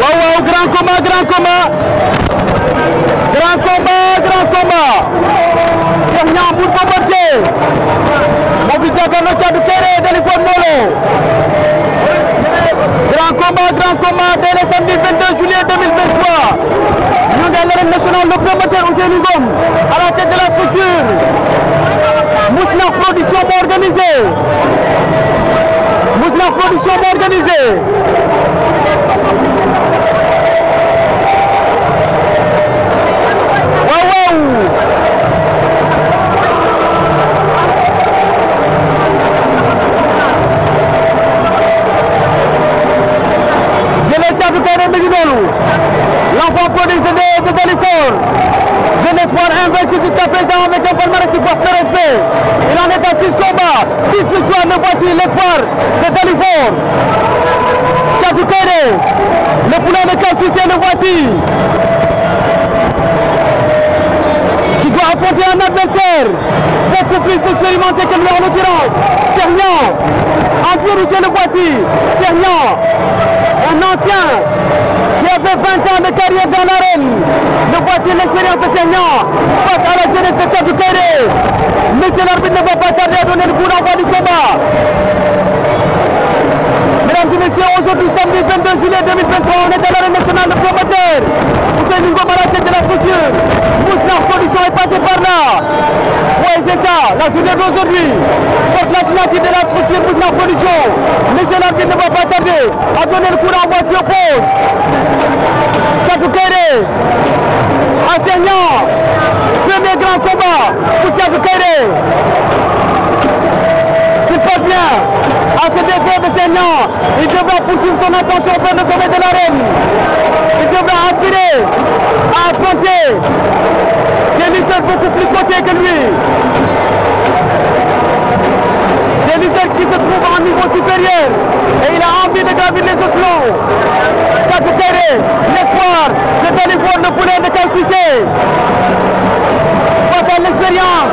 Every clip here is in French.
waaw waaw grand combat grand combat grand combat grand combat Cheikh Niang Mbour Bombardier moo fi jàkkaarloo Thiatou Kéré grand combat grand combat tey le samedi 22 juillet 2023 ñu ngi à l'arène nationale le promoteur Ousseynou Ngom à la de la structure Mousnakh Production moo organisé organizei. Uau, uau! L'enfant prodige de, de Belifort. Jeune espoir invaincu jusqu'à présent avec un palmarès qui porte le respect. 10 victoires, mais voici l'espoir de Dalifort. Tchakou le poulain de Kamsissé, le voici. Qui doit affronter un adversaire beaucoup plus expérimenté que lui en l'occurrence. C'est rien. Antoine Routier le boîtier. C'est rien. Un ancien qui a fait 20 ans de carrière dans l'arène. Le boîtier, l'expérience de Seigneur face à la jeunesse du carré. Monsieur l'arbitre ne va pas tarder à donner le coup d'envoi du combat. Mesdames et messieurs, aujourd'hui samedi 22 juillet 2023, on est à l'arène nationale la journée d'aujourd'hui, votre nationale de la structure pour la pollution, monsieur l'arbitre ne va pas tarder à donner le coup moi qui oppose. Tchadou seigneur enseignant, premier grand combat pour Tchadou Kairé. se défaire de Il devra poursuivre son attention pour le sommet de l'arène. Il devra aspirer à affronter des lutteurs beaucoup plus côté que lui. Des lutteurs qui se trouvent un niveau supérieur. Et il a envie de gravir les Ça S'accoupérer l'espoir de téléphone pour le poulet de par Face à l'expérience,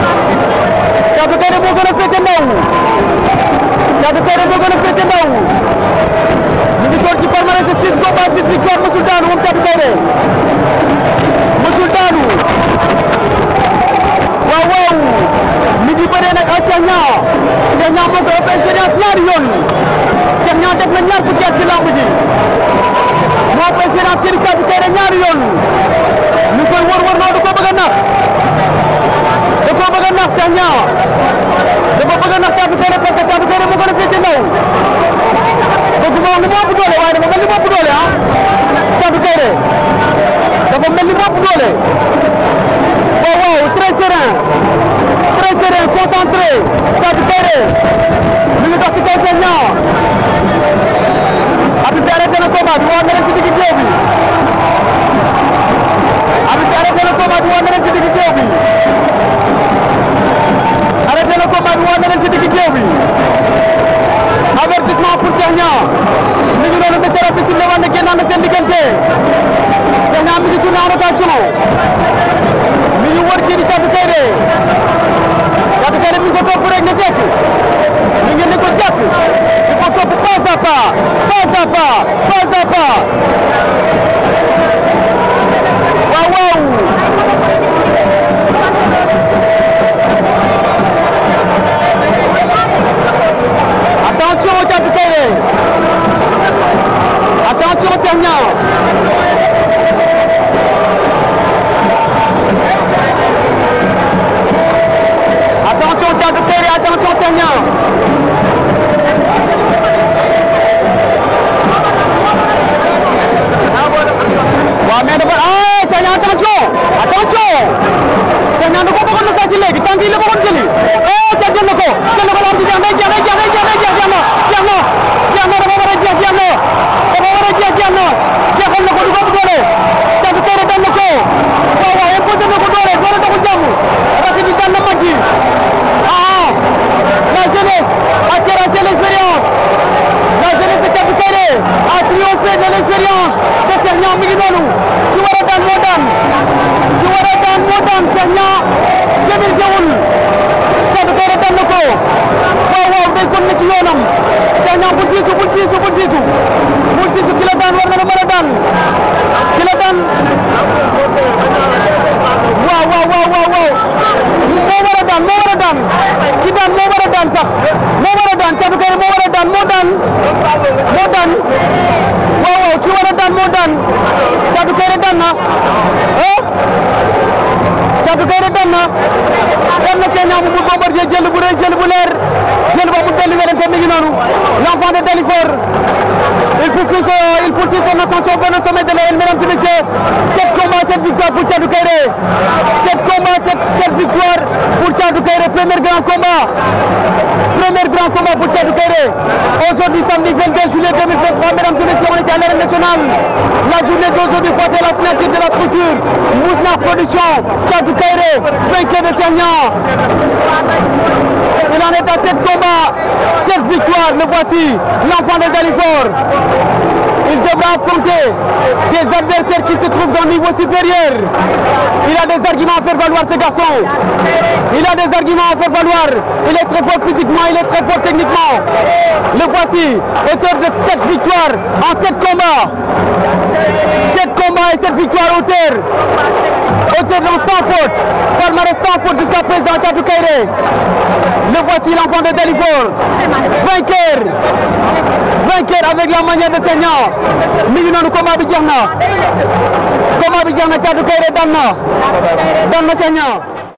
Kairé moo gën a féete ndaw Thiatou Kairé moo gën a féete ndaw ñu ngi toog ci palmarès de six combats six victoires mësul daanu moom Thiatou Kairé mësul daanu waaw waaw mi ngi bëree nag ak Cheikh Niang Cheikh Niang moo ko ëpp expérience ñaari yoon Cheikh Niang def na ñaar fukki at ci lamb ji moo ëpp expérience kii di Thiatou Kairé ñaari yoon ñu koy war war noonu du ko bëgg a nax nax Sagnan dafa bëgg a nax Thiatou Kéré parce que Thiatou Kéré mu gën a féete ndaw bëgg ma wax li mu ëpp doole waaye dafa mel ni doole ah Thiatou Kéré dafa mel ni mu ëpp doole waaw oh, waaw très serein très serein concentré Thiatou Kéré mi ngi dox ci kaw Sagnan arbitre bi arrêté na combat bi waa bi seen diggante Diegane mi ngi tourné en rotation mi ngi wër kii di Thiatou Kairé Thiatou Kairé mi ko topp rek ne tekk mi ngi ne ko jàpp di ko topp pas à pas pas à pas daan moo daan waaw waaw ki war moo daan Thiatou Kairé daan na eh Thiatou Kairé daan na daan na Kenya mu bu Bombardier jël bu rëy jël bu leer jël bu amul benn werante mi noonu l'enfant de Dalifort il poursuit il poursuit son ascension vers le sommet de la mesdames et messieurs sept combats sept victoires pour Thiatou cette victoire pour Tchadou Kairé, premier grand combat. Premier grand combat pour Tchadou Kairé. Aujourd'hui, samedi 22 juillet 2023, mesdames et messieurs, on est à l'ère nationale. La journée d'aujourd'hui, côté la fenêtre de la structure. Mousna Production, Tchadou Kairé, vainqueur de Ternian. Il en est à 7 combats, 7 victoires, le voici, l'enfant des Alifords. Il devra affronter des adversaires qui se trouvent dans le niveau supérieur. Il a des arguments à faire valoir ce garçon. Il a des arguments à faire valoir. Il est très fort physiquement, il est très fort techniquement. Le voici, auteur de 7 victoires en 7 combats. 7 combats et 7 victoires auteur. Auteur dans sans fautes. Palmarès 100 fautes jusqu'à présent, Tchadou Kairé. Le voici, l'enfant de Delivore. Vainqueur. vainqueur avec la manière de saignant mi ngi noonu combat bi jeex na combat bi jeex na Thiatou Kairé daan na daan na saignant